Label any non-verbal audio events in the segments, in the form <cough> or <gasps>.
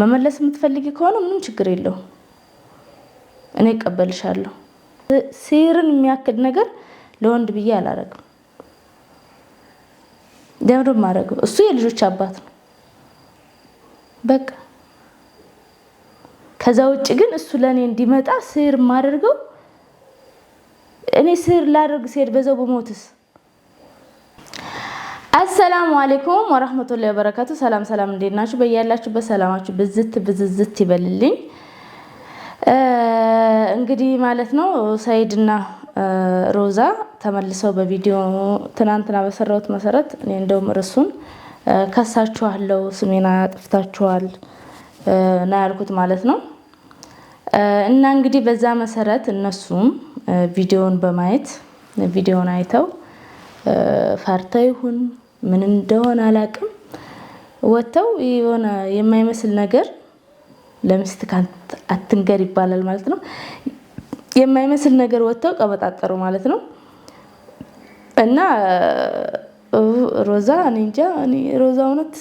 መመለስ የምትፈልጊ ከሆነ ምንም ችግር የለው፣ እኔ እቀበልሻለሁ። ሴርን የሚያክል ነገር ለወንድ ብዬ አላረግም። ደምዶ ማረግም እሱ የልጆች አባት ነው በቃ። ከዛ ውጭ ግን እሱ ለእኔ እንዲመጣ ስር ማደርገው እኔ ስር ላደርግ ሲሄድ በዛው በሞትስ አሰላሙ አሌይኩም ወረህመቱላሂ ወበረካቱ። ሰላም ሰላም፣ እንዴት ናችሁ? በያላችሁበት ሰላማችሁ ብዝት ብዝዝት ይበልልኝ። እንግዲህ ማለት ነው ሰይድና ሮዛ ተመልሰው በቪዲዮ ትናንትና በሰራሁት መሰረት እኔ እንደውም እርሱን ከሳችኋለሁ፣ ስሜን አጥፍታችኋል ና ያልኩት ማለት ነው። እና እንግዲህ በዛ መሰረት እነሱም ቪዲዮን በማየት ቪዲዮን አይተው ፈርተው ይሁን ምን እንደሆነ አላቅም። ወጥተው የሆነ የማይመስል ነገር ለሚስት አትንገር ይባላል ማለት ነው። የማይመስል ነገር ወጥተው ቀበጣጠሩ ማለት ነው። እና ሮዛ እኔ እንጃ እኔ ሮዛ እውነት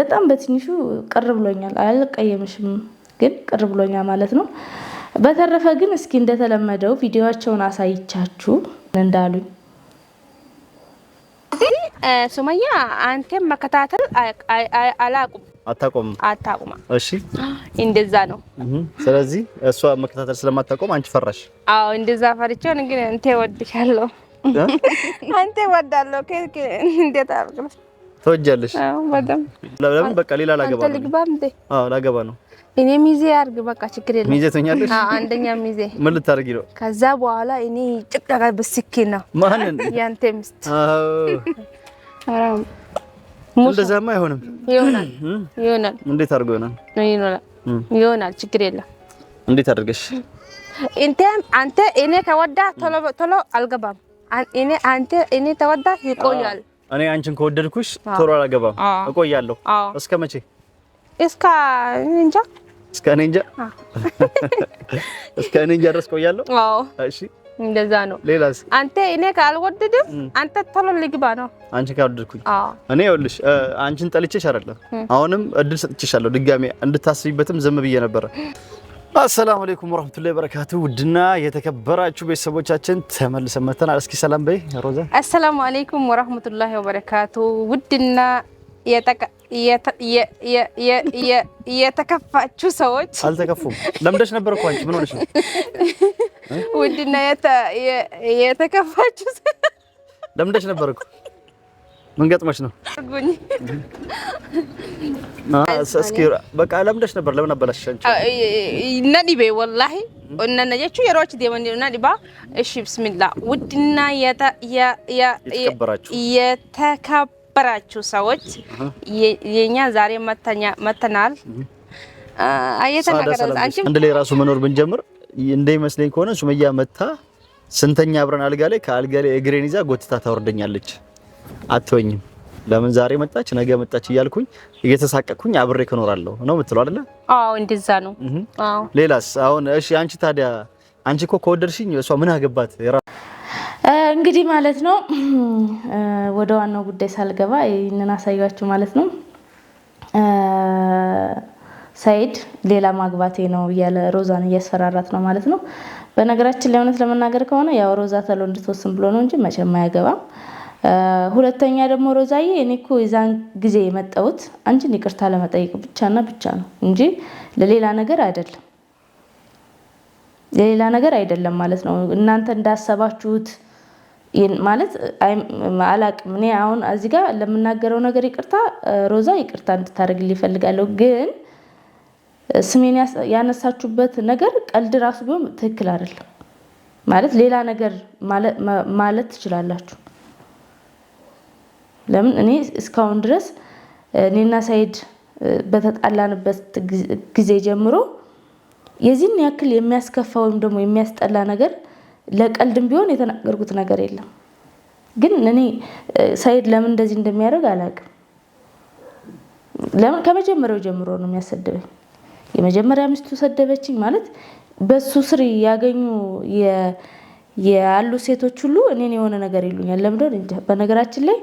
በጣም በትንሹ ቅር ብሎኛል። አልቀየምሽም ግን ቅር ብሎኛል ማለት ነው። በተረፈ ግን እስኪ እንደተለመደው ቪዲዮዋቸውን አሳይቻችሁ እንዳሉኝ ሱመያ አንተም መከታተል አላቁም አታቆም አታቆም። እሺ <gasps> እንደዛ ነው። ስለዚህ እሷ መከታተል ስለማታቆም አንቺ ፈራሽ? አዎ እንደዛ ፈርቼ ነው። ግን አንተ ወድሻለሁ፣ <laughs> አንተ ወዳለሁ። ከክ እንዴት ትወጃለሽ? አዎ በጣም ለምን? በቃ ሌላ ላገባ ነው። አዎ ላገባ ነው እኔ ሚዜ አርግ በቃ ችግር የለም። ሚዜ ትሆኛለሽ። አንደኛ ሚዜ ምን ልታርጊ ነው? ከዛ በኋላ እኔ ጭቅጫቃ ብስኪ ነው። ማንን? ያንተ ሚስት። እንደዛማ አይሆንም። ይሆናል፣ ይሆናል። እንዴት አርጎ ይሆናል? ይሆናል፣ ይሆናል። ችግር የለም። እንዴት አድርገሽ? እንተ አንተ እኔ ከወዳ ቶሎ ቶሎ አልገባም። እኔ አንተ እኔ ተወዳ ይቆያል። እኔ አንቺን ከወደድኩሽ ቶሎ አልገባም፣ እቆያለሁ። እስከ መቼ? እስከ እንጃ እስከ እኔ <laughs> እስከ እኔ ድረስ ቆያለሁ። አዎ እሺ፣ እንደዛ ነው። ሌላስ? አንተ እኔ ካልወደድም አንተ ቶሎ ልግባ ነው። አንቺ ካልወደድኩኝ እኔ ይኸውልሽ፣ አንቺን ጠልቼሽ አይደለም፣ አሁንም እድል ሰጥቼሻለሁ ድጋሜ እንድታስቢበትም ዝም ብዬ ነበረ። አሰላሙ አለይኩም ወራህመቱላሂ ወበረካቱ። ውድና የተከበራችሁ ቤተሰቦቻችን ተመልሰን መጥተናል። እስኪ ሰላም በይ ሮዛ። አሰላሙ አለይኩም ወራህመቱላሂ ወበረካቱ። ውድና የተከፋችሁ ሰዎች አልተከፉም። ለምደሽ ነበር እኮ አንቺ ምን ሆነሽ ነው? ውድና የተከፋችሁ ለምደሽ ነበር እኮ ምን ገጥመሽ ነው? እስኪ በቃ ለምደሽ ነበር። ለምን አበላሽሽ አንቺ? ነዲቤ ወላሂ እነነጀቹ የሮች ዴመን ነዲባ። እሺ ብስሚላ ውድና የተከበራችሁ የነበራችሁ ሰዎች የኛ ዛሬ መተናል። አንድ ላይ ራሱ መኖር ብንጀምር እንደ ይመስለኝ ከሆነ ሱመያ መታ ስንተኛ አብረን አልጋ ላይ ከአልጋ ላይ እግሬን ይዛ ጎትታ ታወርደኛለች። አትወኝም ለምን ዛሬ መጣች ነገ መጣች እያልኩኝ እየተሳቀኩኝ አብሬ ከኖራለሁ ነው የምትለው አይደለ? አዎ እንደዛ ነው። ሌላስ አሁን እሺ፣ አንቺ ታዲያ አንቺ እኮ ከወደድሽኝ እሷ ምን አገባት? እንግዲህ ማለት ነው ወደ ዋናው ጉዳይ ሳልገባ ይህንን አሳያችሁ ማለት ነው። ሳይድ ሌላ ማግባቴ ነው እያለ ሮዛን እያስፈራራት ነው ማለት ነው። በነገራችን ላይ ለመናገር ከሆነ ያው ሮዛ ተሎ እንድትወስን ብሎ ነው እንጂ መቼም አያገባም። ሁለተኛ ደግሞ ሮዛዬ፣ እኔ እኮ የዛን ጊዜ የመጣሁት አንቺን ይቅርታ ለመጠየቅ ብቻና ብቻ ነው እንጂ ለሌላ ነገር አይደለም፣ ለሌላ ነገር አይደለም ማለት ነው እናንተ እንዳሰባችሁት ማለት አላቅም። እኔ አሁን እዚህ ጋር ለምናገረው ነገር ይቅርታ ሮዛ ይቅርታ እንድታደርግልኝ ይፈልጋለሁ። ግን ስሜን ያነሳችሁበት ነገር ቀልድ ራሱ ቢሆን ትክክል አይደለም። ማለት ሌላ ነገር ማለት ትችላላችሁ። ለምን እኔ እስካሁን ድረስ እኔና ሳይድ በተጣላንበት ጊዜ ጀምሮ የዚህን ያክል የሚያስከፋ ወይም ደግሞ የሚያስጠላ ነገር ለቀልድም ቢሆን የተናገርኩት ነገር የለም። ግን እኔ ሳይድ ለምን እንደዚህ እንደሚያደርግ አላውቅም። ለምን ከመጀመሪያው ጀምሮ ነው የሚያሰደበኝ። የመጀመሪያ ሚስቱ ሰደበችኝ ማለት በሱ ስር ያገኙ ያሉ ሴቶች ሁሉ እኔን የሆነ ነገር ይሉኛል። ለምደን እንጃ። በነገራችን ላይ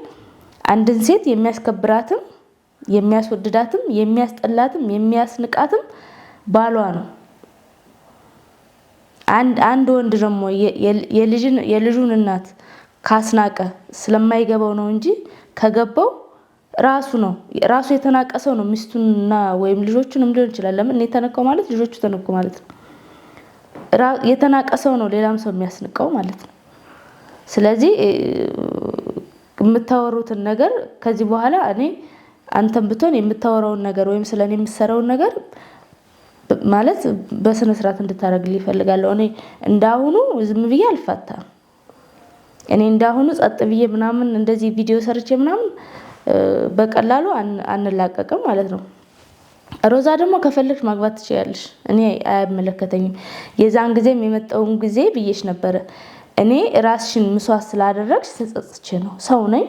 አንድን ሴት የሚያስከብራትም የሚያስወድዳትም የሚያስጠላትም የሚያስንቃትም ባሏ ነው። አንድ ወንድ ደግሞ የልጁን እናት ካስናቀ ስለማይገባው ነው እንጂ ከገባው ራሱ ነው ራሱ የተናቀሰው ነው። ሚስቱንና ወይም ልጆቹንም ሊሆን ይችላል። ለምን የተነቀው ማለት ልጆቹ ተነቁ ማለት ነው። የተናቀሰው ነው ሌላም ሰው የሚያስንቀው ማለት ነው። ስለዚህ የምታወሩትን ነገር ከዚህ በኋላ እኔ አንተም ብትሆን የምታወራውን ነገር ወይም ስለኔ የምትሰራውን ነገር ማለት በስነ ስርዓት እንድታደርግልኝ እፈልጋለሁ። እኔ እንዳሁኑ ዝም ብዬ አልፋታም። እኔ እንዳሁኑ ጸጥ ብዬ ምናምን እንደዚህ ቪዲዮ ሰርቼ ምናምን በቀላሉ አንላቀቅም ማለት ነው። ሮዛ ደግሞ ከፈለግሽ ማግባት ትችያለሽ፣ እኔ አያመለከተኝም። የዛን ጊዜም የመጣውን ጊዜ ብዬሽ ነበረ። እኔ ራስሽን ምስዋት ስላደረግሽ ተጸጽቼ ነው። ሰው ነኝ፣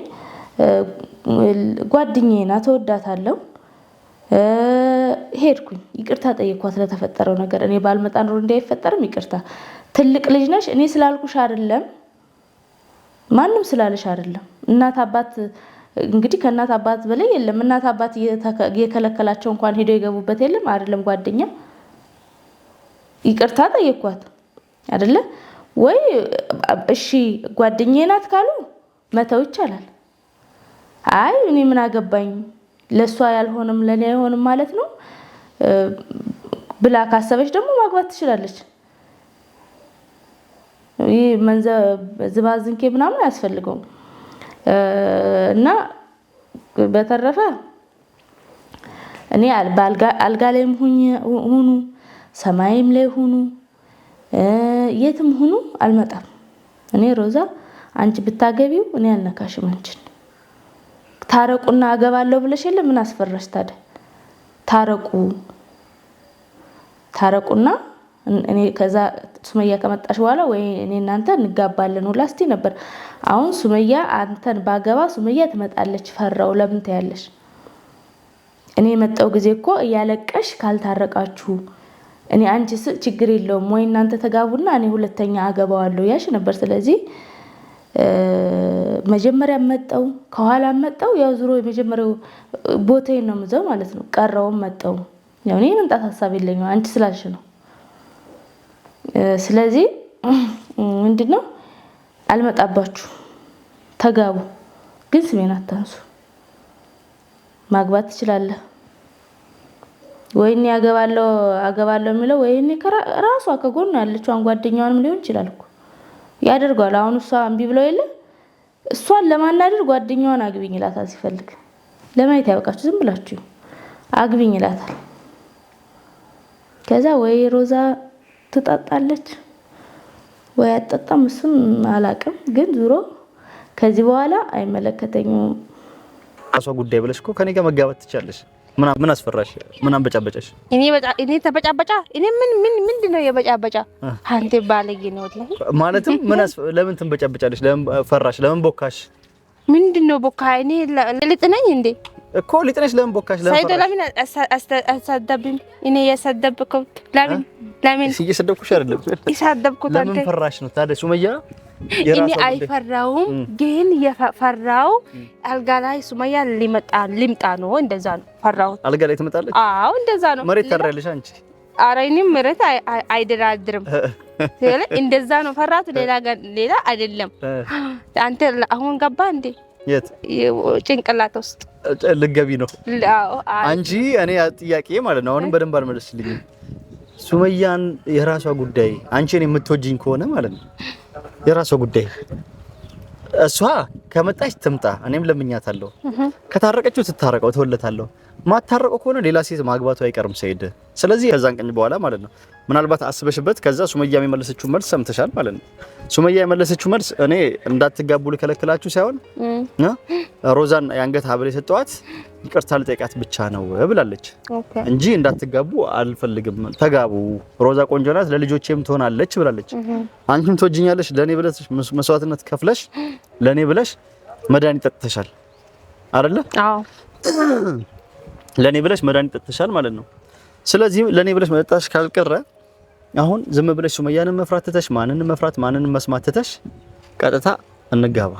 ጓደኛዬ ናት፣ እወዳታለሁ ሄድኩኝ ይቅርታ ጠየኳት ለተፈጠረው ነገር። እኔ ባልመጣ ኑሮ እንዳይፈጠርም ይቅርታ ትልቅ ልጅ ነሽ፣ እኔ ስላልኩሽ አይደለም፣ ማንም ስላለሽ አይደለም። እናት አባት እንግዲህ ከእናት አባት በላይ የለም። እናት አባት የከለከላቸው እንኳን ሄደው የገቡበት የለም አይደለም። ጓደኛ ይቅርታ ጠየኳት አይደለ ወይ? እሺ ጓደኛ ናት ካሉ መተው ይቻላል። አይ እኔ ምን አገባኝ ለእሷ ያልሆንም ለእኔ አይሆንም ማለት ነው ብላ ካሰበች ደግሞ ማግባት ትችላለች። ይህ ዝባዝንኬ ምናምን አያስፈልገውም። እና በተረፈ እኔ አልጋ ላይም ሁኑ፣ ሰማይም ላይ ሁኑ፣ የትም ሁኑ አልመጣም። እኔ ሮዛ አንቺ ብታገቢው እኔ አልነካሽም አንቺን ታረቁና አገባለሁ ብለሽ የለም ምን አስፈራሽ ታዲያ? ታረቁ ታረቁና እኔ ከዛ ሱመያ ከመጣሽ በኋላ ወይ እኔ እናንተ እንጋባለን ሁላ እስቲ ነበር። አሁን ሱመያ አንተን ባገባ ሱመያ ትመጣለች፣ ፈራው ለምን ትያለሽ? እኔ የመጣው ጊዜ እኮ እያለቀሽ ካልታረቃችሁ እኔ አንቺ ችግር የለውም ወይ እናንተ ተጋቡና እኔ ሁለተኛ አገባዋለሁ ያሽ ነበር። ስለዚህ መጀመሪያ መጣው ከኋላ መጣው ያው ዙሮ የመጀመሪያው ቦታዬን ነው የምዘው ማለት ነው። ቀረውም መጣው ያው እኔ መምጣት ሀሳብ የለኝም አንቺ ስላልሽ ነው። ስለዚህ ምንድን ነው አልመጣባችሁ፣ ተጋቡ፣ ግን ስሜን አታንሱ። ማግባት ትችላለህ ወይኔ አገባለሁ አገባለሁ የሚለው ወይኔ ራሷ ከጎን ያለችዋን ጓደኛዋንም ሊሆን ይችላል እኮ ያደርገዋል። አሁን እሷ እምቢ ብለው የለ እሷን ለማናደር ጓደኛዋን አግቢኝ ይላታል ሲፈልግ። ለማየት ያበቃችሁ ዝም ብላችሁ አግቢኝ ይላታል። ከዛ ወይ ሮዛ ትጠጣለች ወይ አጠጣም እሱን አላቅም። ግን ዙሮ ከዚህ በኋላ አይመለከተኝም። እሷ ጉዳይ ብለሽ እኮ ከኔ ጋር መጋባት ትቻለሽ። ምን አስፈራሽ? ምን አንበጫበጫሽ? እኔ በጫ እኔ ተበጫበጫ እኔ ምን ምን ምንድን ነው የበጫበጫ? አንተ ባለጌ ነው ወላሂ። ማለትም ምን አስ ለምን ትንበጫበጫለሽ? ለምን ፈራሽ? ለምን ቦካሽ? ምንድን ነው ቦካ? እኔ ልጥ ነኝ እንዴ? እኮ ልጥ ነሽ። ለምን ቦካሽ? ለምን ሳይደ ለምን አሳደብም? እኔ የሰደብኩት ለምን ለምን እየሰደብኩሽ አይደለም። ለምን ፈራሽ ነው ታዲያ ሱመያ እኔ አይፈራውም፣ ግን የፈራው አልጋ ላይ ሱመያ ሊመጣ ሊምጣ ነው። እንደዛ ነው ፈራሁት። አልጋ ላይ ትመጣለች። አዎ እንደዛ ነው። መሬት ታድሪያለሽ አንቺ። ኧረ እኔም መሬት አይደራድርም። <laughs> እንደዛ ነው ፈራት። ሌላ ሌላ አይደለም። አንተ አሁን ገባ እንዴ? የት ጭንቅላት ውስጥ ልገቢ ነው አንቺ? እኔ ጥያቄ ማለት ነው። አሁንም በደንብ አልመለስልኝም። ሱመያን የራሷ ጉዳይ። አንቺ እኔ የምትወጂኝ ከሆነ ማለት ነው የራሷ ጉዳይ። እሷ ከመጣች ትምጣ፣ እኔም ለምኛታለሁ። ከታረቀችው ትታረቀው፣ ተወለታለሁ ማታረቀው ከሆነ ሌላ ሴት ማግባቱ አይቀርም ሰይድ። ስለዚህ ከዛን ቀን በኋላ ማለት ነው ምናልባት አስበሽበት። ከዛ ሱመያ የመለሰችው መልስ ሰምተሻል ማለት ነው። ሱመያ የመለሰችው መልስ እኔ እንዳትጋቡ ልከለክላችሁ ሳይሆን ሮዛን የአንገት ሀብል የሰጠዋት ይቅርታ ልጠይቃት ብቻ ነው ብላለች እንጂ እንዳትጋቡ አልፈልግም። ተጋቡ፣ ሮዛ ቆንጆ ናት፣ ለልጆቼም ትሆናለች ብላለች። አንቺም ትወጂኛለሽ፣ ለኔ ብለሽ መስዋዕትነት ከፍለሽ ለኔ ብለሽ መድኃኒት ጠጥተሻል አይደለ? አዎ ለኔ ብለሽ መድኃኒት ጠጥተሻል ማለት ነው። ስለዚህ ለኔ ብለሽ መጠጣሽ ካልቀረ አሁን ዝም ብለሽ ሱመያንን መፍራት ትተሽ ማንንም መፍራት ማንንም መስማት ትተሽ ቀጥታ እንጋባ።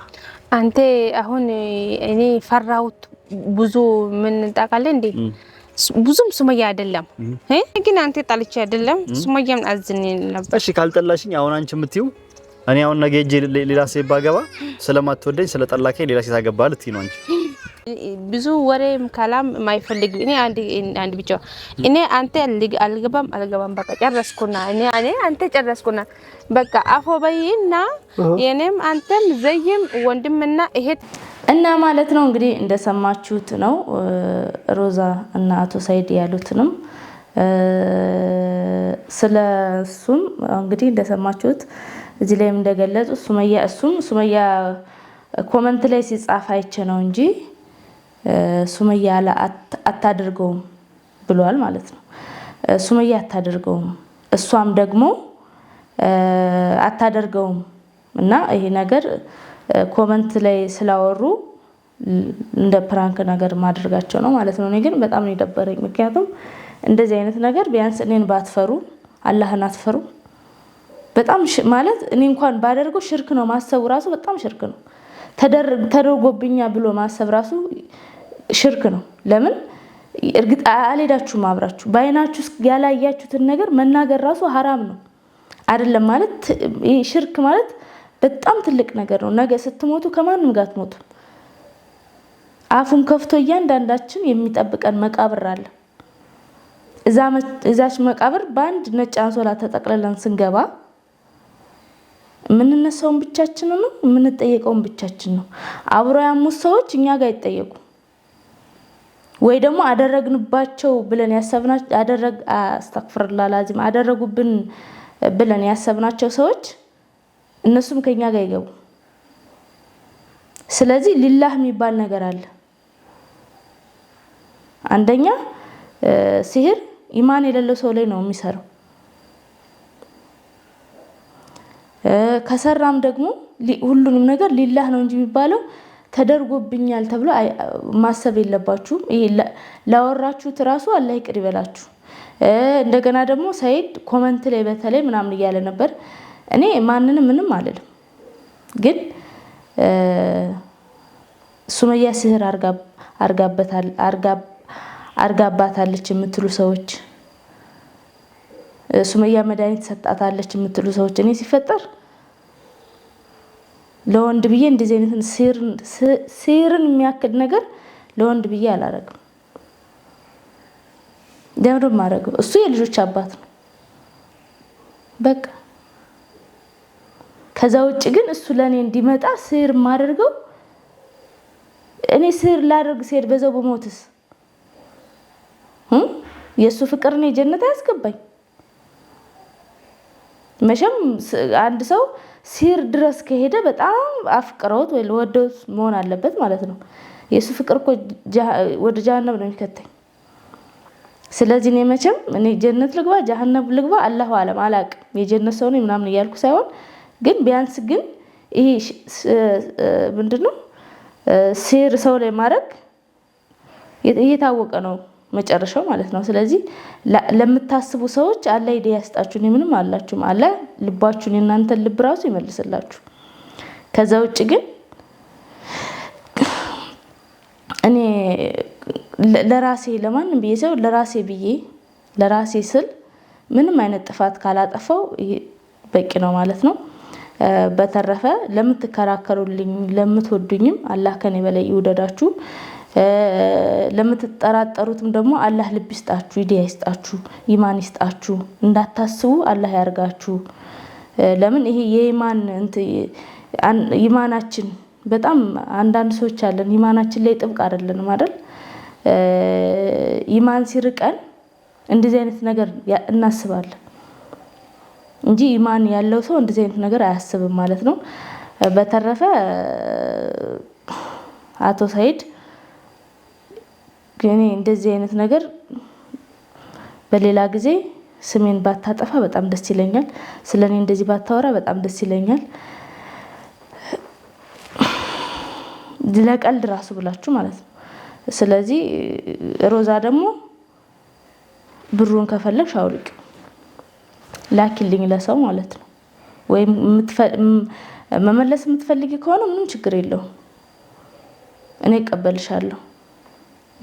አንተ አሁን እኔ ፈራሁት ብዙ ምን ጣቃለ እንዴ ብዙም ሱመያ አይደለም ግን አንተ ጣልቼ አይደለም ሱመያም አዝኝ ነበር። እሺ ካልጠላሽኝ አሁን አንቺ የምትይው እኔ አሁን ነገ ሄጄ ሌላ ሴት ባገባ ስለማትወደኝ ስለጠላከኝ ሌላ ሴት አገባ ልትይ ነው አንቺ ብዙ ወሬም ካላም ማይፈልግ እኔ አንድ ብቻ እኔ አንተ አልገባም አልገባም በቃ ጨረስኩና እኔ አንተ ጨረስኩና በቃ አፎ በይና የኔም አንተም ዘይም ወንድምና እህት እና ማለት ነው። እንግዲህ እንደሰማችሁት ነው ሮዛ እና አቶ ሳይድ ያሉትንም ስለ እሱም እንግዲህ እንደሰማችሁት እዚህ ላይም እንደገለጹ ሱመያ እሱም ሱመያ ኮመንት ላይ ሲጻፍ አይቼ ነው እንጂ ሱመያ አታደርገውም ብሏል ማለት ነው። ሱመያ አታደርገውም፣ እሷም ደግሞ አታደርገውም እና ይሄ ነገር ኮመንት ላይ ስላወሩ እንደ ፕራንክ ነገር ማድረጋቸው ነው ማለት ነው። እኔ ግን በጣም ነው የደበረኝ። ምክንያቱም እንደዚህ አይነት ነገር ቢያንስ እኔን ባትፈሩ አላህን አትፈሩ። በጣም ማለት እኔ እንኳን ባደርገው ሽርክ ነው ማሰቡ ራሱ በጣም ሽርክ ነው። ተደርጎብኛ ብሎ ማሰብ ራሱ ሽርክ ነው። ለምን እርግጥ አልሄዳችሁም አብራችሁ በአይናችሁ ያላያችሁትን ነገር መናገር ራሱ ሀራም ነው አይደለም ማለት ይህ ሽርክ ማለት በጣም ትልቅ ነገር ነው። ነገ ስትሞቱ ከማንም ጋር ትሞቱ? አፉን ከፍቶ እያንዳንዳችን የሚጠብቀን መቃብር አለ። እዛች መቃብር በአንድ ነጭ አንሶላ ተጠቅልለን ስንገባ የምንነሳውን ብቻችን ነው፣ የምንጠየቀውን ብቻችን ነው። አብሮ ያሙት ሰዎች እኛ ጋር ይጠየቁ ወይ ደግሞ አደረግንባቸው ብለን ያሰብናቸው አደረግ ላዚም አደረጉብን ብለን ያሰብናቸው ሰዎች እነሱም ከኛ ጋር ይገቡ። ስለዚህ ሊላህ የሚባል ነገር አለ። አንደኛ ሲህር ኢማን የሌለው ሰው ላይ ነው የሚሰራው። ከሰራም ደግሞ ሁሉንም ነገር ሊላህ ነው እንጂ የሚባለው ተደርጎብኛል ተብሎ ማሰብ የለባችሁም። ይሄ ላወራችሁት ራሱ አላህ ይቅር ይበላችሁ። እንደገና ደግሞ ሰይድ ኮመንት ላይ በተለይ ምናምን እያለ ነበር። እኔ ማንንም ምንም አልልም፣ ግን ሱመያ ስህር አርጋባታለች የምትሉ ሰዎች፣ ሱመያ መድኃኒት ሰጣታለች የምትሉ ሰዎች እኔ ሲፈጠር ለወንድ ብዬ እንደዚህ አይነት ሴርን የሚያክል ነገር ለወንድ ብዬ አላረግም። ደምሮ ማረግ እሱ የልጆች አባት ነው። በቃ ከዛ ውጭ ግን እሱ ለእኔ እንዲመጣ ስር ማደርገው እኔ ስር ላደርግ ሲሄድ በዛው በሞትስ የእሱ ፍቅር እኔ ጀነት አያስገባኝ። መቼም አንድ ሰው ሲር ድረስ ከሄደ በጣም አፍቅረውት ወይ ወደውት መሆን አለበት ማለት ነው። የእሱ ፍቅር እኮ ወደ ጀሀነም ነው የሚከተኝ። ስለዚህ እኔ መቼም እኔ ጀነት ልግባ ጀሀነም ልግባ አላሁ አለም አላቅም፣ የጀነት ሰው ነኝ ምናምን እያልኩ ሳይሆን ግን ቢያንስ ግን ይሄ ምንድን ነው ሰው ላይ ማድረግ እየታወቀ ነው። መጨረሻው ማለት ነው። ስለዚህ ለምታስቡ ሰዎች አለ ሂዳያ ያስጣችሁ። እኔ ምንም አላችሁም። አለ ልባችሁን የእናንተን ልብ ራሱ ይመልስላችሁ። ከዛ ውጭ ግን እኔ ለራሴ ለማንም ብዬ ሰው ለራሴ ብዬ ለራሴ ስል ምንም አይነት ጥፋት ካላጠፋው በቂ ነው ማለት ነው። በተረፈ ለምትከራከሩልኝ ለምትወዱኝም አላህ ከኔ በላይ ይውደዳችሁ። ለምትጠራጠሩትም ደግሞ አላህ ልብ ይስጣችሁ፣ ሂዳያ ይስጣችሁ፣ ኢማን ይስጣችሁ። እንዳታስቡ አላህ ያርጋችሁ። ለምን ይሄ የኢማን ኢማናችን በጣም አንዳንድ ሰዎች አለን ኢማናችን ላይ ጥብቅ አይደለንም አይደል? ኢማን ሲርቀን እንደዚህ አይነት ነገር እናስባለን እንጂ ኢማን ያለው ሰው እንደዚህ አይነት ነገር አያስብም ማለት ነው። በተረፈ አቶ ሰይድ ግን እንደዚህ አይነት ነገር በሌላ ጊዜ ስሜን ባታጠፋ በጣም ደስ ይለኛል። ስለ እኔ እንደዚህ ባታወራ በጣም ደስ ይለኛል። ለቀልድ ራሱ ብላችሁ ማለት ነው። ስለዚህ ሮዛ ደግሞ ብሩን ከፈለግሽ አውልቂ ላኪልኝ ለሰው ማለት ነው። ወይም መመለስ የምትፈልጊ ከሆነ ምንም ችግር የለውም፣ እኔ እቀበልሻለሁ።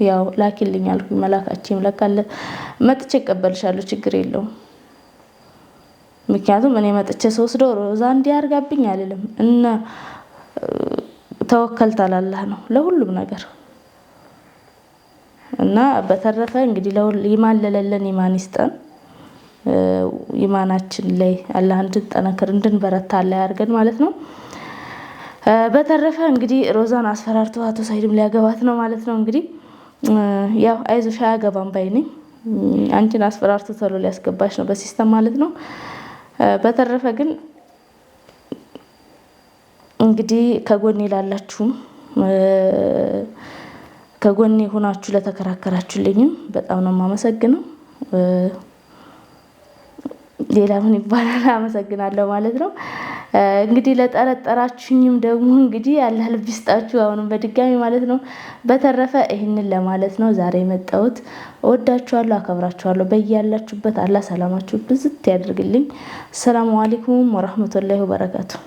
ያው ላኪልኝ አልኩኝ። መላካችም ለካለ መጥቼ እቀበልሻለሁ፣ ችግር የለውም። ምክንያቱም እኔ መጥቼ ስወስደው ሮዛ እንዲህ አድርጋብኝ አልልም እና ተወከልት አላላህ ነው ለሁሉም ነገር እና በተረፈ እንግዲህ ይማን ለለለን ይማን ይስጠን። ይማናችን ላይ አላህ እንድንጠነክር እንድንበረታ አላህ ያርገን ማለት ነው። በተረፈ እንግዲህ ሮዛን አስፈራርቶ አቶ ሳይድም ሊያገባት ነው ማለት ነው እንግዲህ ያው አይዞሽ አያገባም ባይ ነኝ። አንቺን አስፈራርቶ ቶሎ ሊያስገባሽ ነው በሲስተም ማለት ነው። በተረፈ ግን እንግዲህ ከጎኔ ላላችሁም ከጎኔ ሆናችሁ ለተከራከራችሁልኝም በጣም ነው የማመሰግነው። ሌላ ምን ይባላል? አመሰግናለሁ ማለት ነው። እንግዲህ ለጠረጠራችሁኝም ደግሞ እንግዲህ ያለ ልብ ይስጣችሁ፣ አሁንም በድጋሚ ማለት ነው። በተረፈ ይህንን ለማለት ነው ዛሬ የመጣሁት። ወዳችኋለሁ፣ አከብራችኋለሁ። በያላችሁበት አላ ሰላማችሁ ብዝት ያደርግልኝ። አሰላሙ አለይኩም ወረህመቱላሂ ወበረካቱሁ።